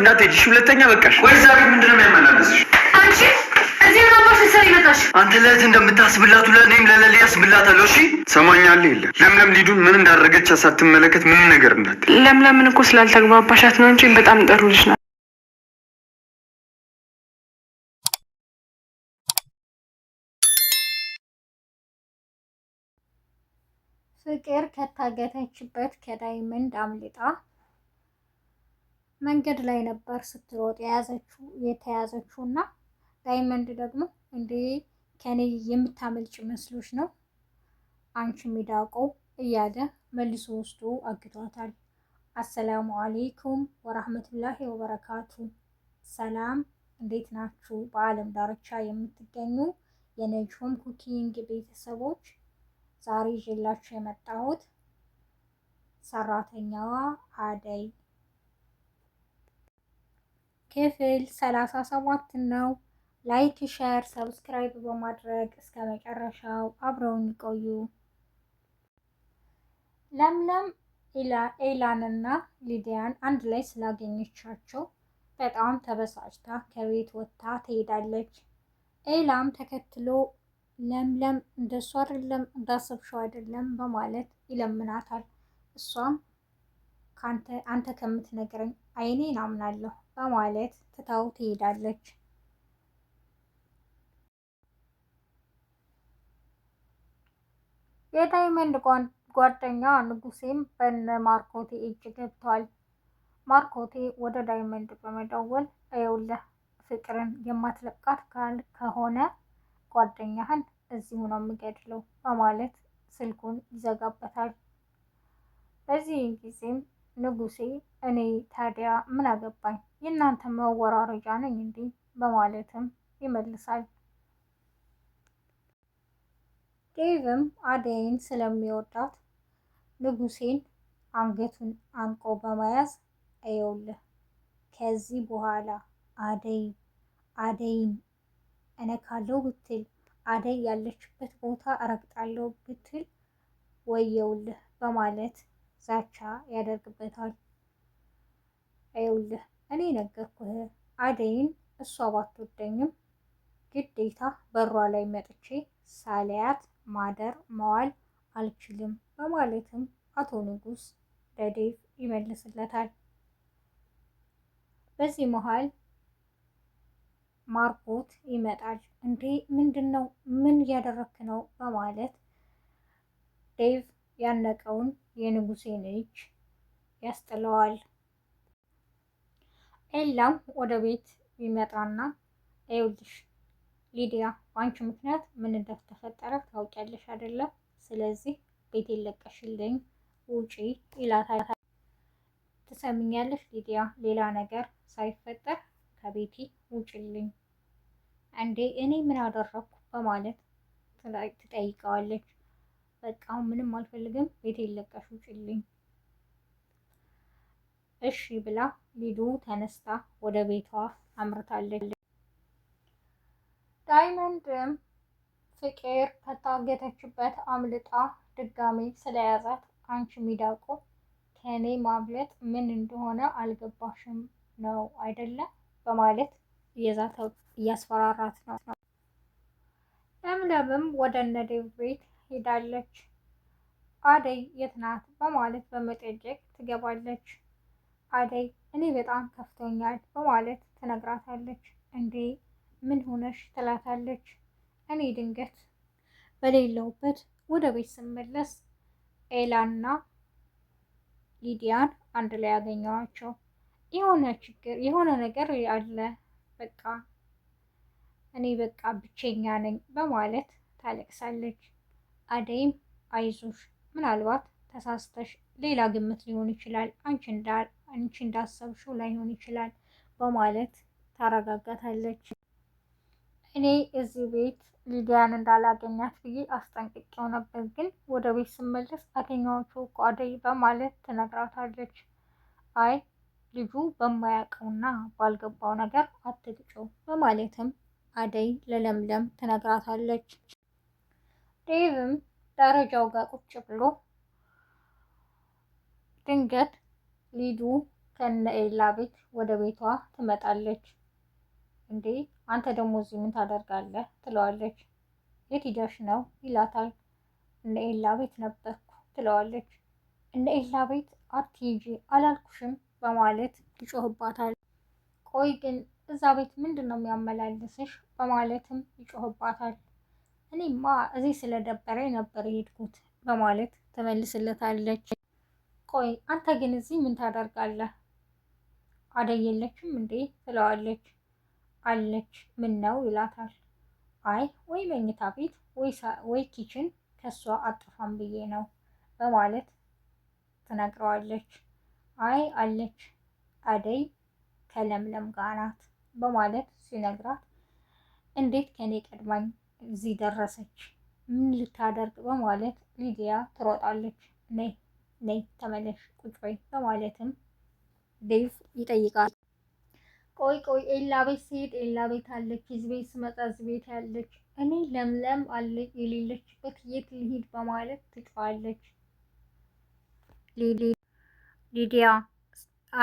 እንዳትሄጂሽ። ሁለተኛ በቃሽ። ወይ ዛሬ ምንድን ነው የሚያመላለስሽ? አንቺ እዚህ ምናባሽ ሰ ይመጣሽ። አንተ ለእህት እንደምታስብላት ለእኔም እኔም ለሌላ ያስብላታለሁ። እሺ ሰማኛለ። የለ ለምለም ሊዱን ምን እንዳደረገች ሳትመለከት ምን ነገር እንዳት ለምለምን እኮ ስላልተግባባሻት ነው እንጂ በጣም ጥሩ ልጅ ናት። ፍቅር ከታገተችበት ከዳይመንድ አምልጣ መንገድ ላይ ነበር ስትሮጥ የያዘችው የተያዘችው እና ዳይመንድ ደግሞ እንዴ ከኔ የምታመልጭ መስሎች ነው አንቺ ሚዳቆው እያለ መልሶ ውስጡ አግቷታል። አሰላሙ አሌይኩም ወራህመቱላሂ ወበረካቱ። ሰላም እንዴት ናችሁ? በዓለም ዳርቻ የምትገኙ የነጅሆም ኩኪንግ ቤተሰቦች ዛሬ ይዤላችሁ የመጣሁት ሰራተኛዋ አደይ ክፍል ሰላሳ ነው። ላይክ፣ ሸር፣ ሰብስክራይብ በማድረግ እስከ መጨረሻው አብረውን ይቆዩ። ለምለም ኤላንና ሊዲያን አንድ ላይ ስላገኘቻቸው በጣም ተበሳጭታ ከቤት ወጥታ ትሄዳለች። ኤላም ተከትሎ ለምለም እንደሱ አይደለም እንዳሰብሽው አይደለም በማለት ይለምናታል። እሷም አንተ ከምትነግረኝ አይኔን አምናለሁ በማለት ትታው ትሄዳለች። የዳይመንድ ጓደኛ ንጉሴም በነ ማርኮቴ እጅ ገብቷል። ማርኮቴ ወደ ዳይመንድ በመደወል እየውልህ ፍቅርን የማትለቃት ካል ከሆነ ጓደኛህን እዚሁ ነው የምገድለው በማለት ስልኩን ይዘጋበታል። በዚህ ጊዜም ንጉሴ እኔ ታዲያ ምን አገባኝ የእናንተ መወራረጃ ነኝ እንዴ? በማለትም ይመልሳል። ዴቭም አደይን ስለሚወዳት ንጉሴን አንገቱን አንቆ በመያዝ እየውልህ ከዚህ በኋላ አደይ አደይን እነካለው ብትል አደይ ያለችበት ቦታ እረግጣለሁ ብትል ወየውልህ በማለት ዛቻ ያደርግበታል። ይኸውልህ እኔ ነገርኩህ አደይን እሷ ባትወደኝም ግዴታ በሯ ላይ መጥቼ ሳሊያት ማደር መዋል አልችልም በማለትም አቶ ንጉስ ለዴቭ ይመልስለታል። በዚህ መሀል ማርኮት ይመጣል። እንዴ ምንድን ነው? ምን እያደረክ ነው? በማለት ዴቭ ያነቀውን የንጉሴን እጅ ያስጥለዋል። ኤላም ወደ ቤት ቢመጣና ይኸውልሽ ሊዲያ በአንቺ ምክንያት ምን እንደተፈጠረ ታውቂያለሽ አይደለም? ስለዚህ ቤት የለቀሽልኝ ውጪ ይላታል። ትሰምኛለሽ ሊዲያ፣ ሌላ ነገር ሳይፈጠር ከቤቴ ውጭልኝ እንዴ እኔ ምን አደረግኩ በማለት ትጠይቀዋለች። በቃ አሁን ምንም አልፈልግም፣ ቤት ይለቀሽ ውጭልኝ። እሺ ብላ ሊዱ ተነስታ ወደ ቤቷ አምርታለች። ዳይመንድም ፍቅር ከታገተችበት አምልጣ ድጋሜ ስለያዛት አንቺ ሚዳቆ ከእኔ ማምለጥ ምን እንደሆነ አልገባሽም ነው አይደለም? በማለት እየዛተው እያስፈራራት ነው። ለምለምም ወደ እነ ዴቭ ቤት ሄዳለች። አደይ የት ናት በማለት በመጠየቅ ትገባለች። አደይ እኔ በጣም ከፍቶኛል በማለት ትነግራታለች። እንዴ ምን ሆነሽ ትላታለች። እኔ ድንገት በሌለውበት ወደ ቤት ስመለስ ኤላና ሊዲያን አንድ ላይ ያገኘዋቸው። የሆነ ችግር የሆነ ነገር አለ፣ በቃ እኔ በቃ ብቸኛ ነኝ በማለት ታለቅሳለች። አደይም አይዞሽ፣ ምናልባት ተሳስተሽ ሌላ ግምት ሊሆን ይችላል፣ አንቺ እንዳሰብሽው ላይሆን ይችላል በማለት ታረጋጋታለች። እኔ እዚህ ቤት ሊዲያን እንዳላገኛት ብዬ አስጠንቅቄው ነበር፣ ግን ወደ ቤት ስመለስ አገኘኋቸው እኮ አደይ በማለት ትነግራታለች። አይ ልጁ በማያውቀውና ባልገባው ነገር አትግጨው በማለትም አደይ ለለምለም ትነግራታለች። ዴቭም ደረጃው ጋር ቁጭ ብሎ ድንገት ሊዱ ከነ ኤላ ቤት ወደ ቤቷ ትመጣለች። እንዴ አንተ ደግሞ እዚህ ምን ታደርጋለህ? ትለዋለች። የት ሂደሽ ነው ይላታል። እነ ኤላ ቤት ነበርኩ ትለዋለች። እነ ኤላ ቤት አትሂጂ አላልኩሽም በማለት ይጮህባታል። ቆይ ግን እዛ ቤት ምንድን ነው የሚያመላልስሽ? በማለትም ይጮህባታል። እኔማ እዚህ ስለደበረ ነበር የሄድኩት በማለት ትመልስለታለች። ቆይ አንተ ግን እዚህ ምን ታደርጋለህ? አደየለችም እንዴ ትለዋለች። አለች ምን ነው ይላታል። አይ ወይ መኝታ ቤት ወይ ኪችን ከሷ አጥፋም ብዬ ነው በማለት ትነግረዋለች። አይ አለች አደይ ከለምለም ጋር ናት በማለት ሲነግራት እንዴት ከኔ ቀድማኝ እዚህ ደረሰች። ምን ልታደርግ በማለት ሊዲያ ትሮጣለች። ነይ ነይ ተመለሽ፣ ቁጭ በይ በማለትም ዴቭ ይጠይቃል። ቆይ ቆይ ኤላ ቤት ስሄድ ኤላ ቤት አለች፣ እዚህ ቤት ስመጣ እዚህ ቤት ያለች፣ እኔ ለምለም አለ የሌለችበት የት ልሂድ በማለት ትጫዋለች። ሊዲያ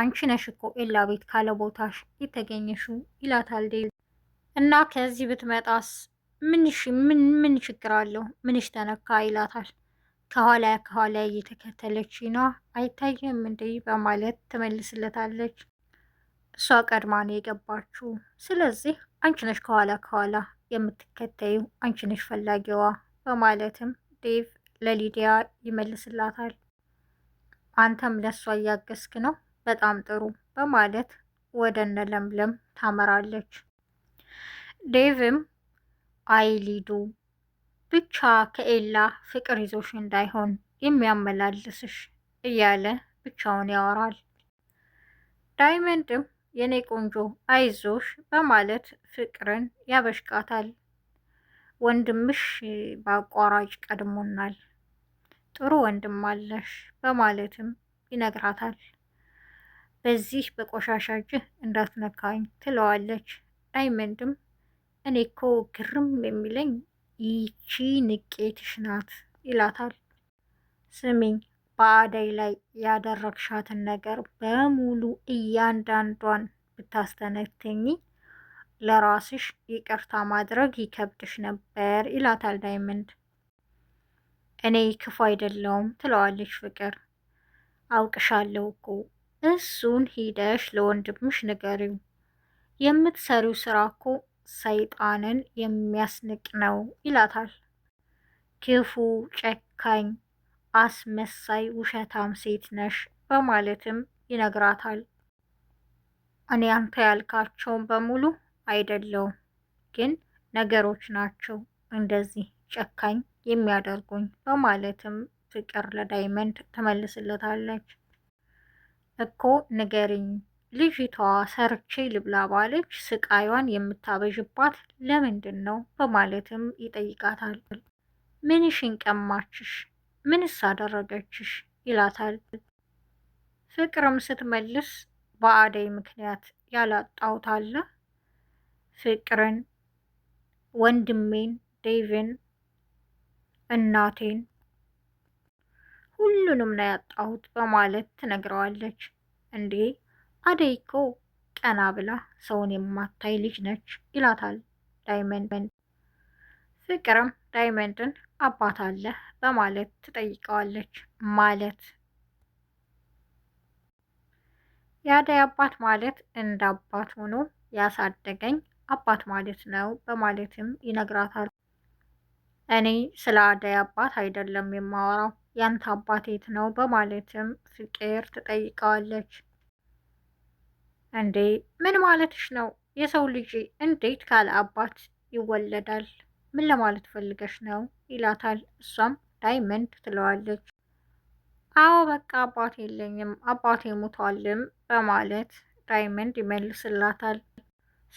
አንቺ ነሽ እኮ ኤላ ቤት ካለ ቦታሽ የተገኘሽው ይላታል ዴቭ እና ከዚህ ብትመጣስ ምንሽ ምን ምን ችግር አለው ምንሽ ተነካ ይላታል። ከኋላ ከኋላ እየተከተለች ነው አይታየም እንዴ በማለት ትመልስለታለች። እሷ ቀድማ ነው የገባችው። ስለዚህ አንቺ ነሽ ከኋላ ከኋላ የምትከተዩ አንቺ ነሽ ፈላጊዋ በማለትም ዴቭ ለሊዲያ ይመልስላታል። አንተም ለእሷ እያገዝክ ነው፣ በጣም ጥሩ በማለት ወደ እነ ለምለም ታመራለች። ዴቭም አይሊዱ ብቻ ከኤላ ፍቅር ይዞሽ እንዳይሆን የሚያመላልስሽ እያለ ብቻውን ያወራል። ዳይመንድም የኔ ቆንጆ አይዞሽ በማለት ፍቅርን ያበሽቃታል። ወንድምሽ በአቋራጭ ቀድሞናል፣ ጥሩ ወንድም አለሽ በማለትም ይነግራታል። በዚህ በቆሻሻ እጅህ እንዳትነካኝ ትለዋለች። ዳይመንድም እኔ እኮ ግርም የሚለኝ ይቺ ንቄትሽ ናት ይላታል። ስሚኝ በአደይ ላይ ያደረግሻትን ነገር በሙሉ እያንዳንዷን ብታስተነትኝ ለራስሽ ይቅርታ ማድረግ ይከብድሽ ነበር ይላታል ዳይመንድ። እኔ ክፉ አይደለውም ትለዋለች ፍቅር። አውቅሻለሁ እኮ እሱን ሂደሽ ለወንድምሽ ንገሪው። የምትሰሪው ስራ እኮ ሰይጣንን የሚያስንቅ ነው ይላታል። ክፉ፣ ጨካኝ፣ አስመሳይ፣ ውሸታም ሴት ነሽ በማለትም ይነግራታል። እኔ አንተ ያልካቸውን በሙሉ አይደለውም፣ ግን ነገሮች ናቸው እንደዚህ ጨካኝ የሚያደርጉኝ በማለትም ፍቅር ለዳይመንድ ትመልስለታለች። እኮ ንገሪኝ ልጅቷ ሰርቼ ልብላ ባለች ስቃዩን የምታበዥባት ለምንድን ነው በማለትም ይጠይቃታል። ምንሽን ቀማችሽ? ምንስ አደረገችሽ? ይላታል። ፍቅርም ስትመልስ በአደይ ምክንያት ያላጣሁት አለ ፍቅርን፣ ወንድሜን፣ ዴቪን፣ እናቴን ሁሉንም ነው ያጣሁት በማለት ትነግረዋለች። እንዴ አደይ እኮ ቀና ብላ ሰውን የማታይ ልጅ ነች ይላታል ዳይመንድ። ፍቅርም ዳይመንድን አባት አለ በማለት ትጠይቀዋለች። ማለት የአደይ አባት ማለት እንደ አባት ሆኖ ያሳደገኝ አባት ማለት ነው በማለትም ይነግራታል። እኔ ስለ አደይ አባት አይደለም የማወራው ያንተ አባት የት ነው በማለትም ፍቅር ትጠይቀዋለች። እንዴ ምን ማለትሽ ነው? የሰው ልጅ እንዴት ካለ አባት ይወለዳል? ምን ለማለት ፈልገሽ ነው ይላታል። እሷም ዳይመንድ ትለዋለች። አዎ በቃ አባት የለኝም አባቴ ሞቷልም በማለት ዳይመንድ ይመልስላታል።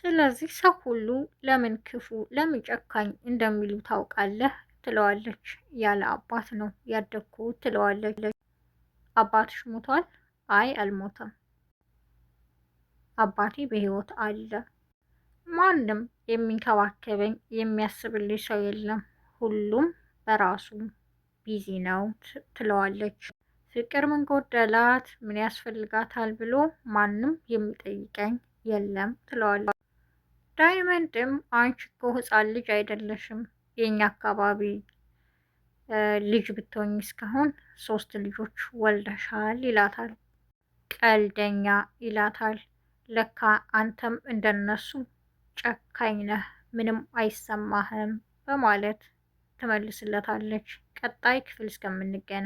ስለዚህ ሰው ሁሉ ለምን ክፉ ለምን ጨካኝ እንደሚሉ ታውቃለህ ትለዋለች። ያለ አባት ነው ያደግኩ ትለዋለች። አባትሽ ሞቷል? አይ አልሞተም አባቴ በህይወት አለ። ማንም የሚንከባከበኝ የሚያስብልኝ ሰው የለም፣ ሁሉም በራሱ ቢዚ ነው ትለዋለች። ፍቅር ምን ጎደላት፣ ምን ያስፈልጋታል ብሎ ማንም የሚጠይቀኝ የለም ትለዋለች። ዳይመንድም አንቺ እኮ ህፃን ልጅ አይደለሽም የኛ አካባቢ ልጅ ብትሆኝ እስካሁን ሶስት ልጆች ወልደሻል ይላታል። ቀልደኛ ይላታል። ለካ አንተም እንደነሱ ጨካኝ ነህ፣ ምንም አይሰማህም በማለት ትመልስለታለች። ቀጣይ ክፍል እስከምንገናኝ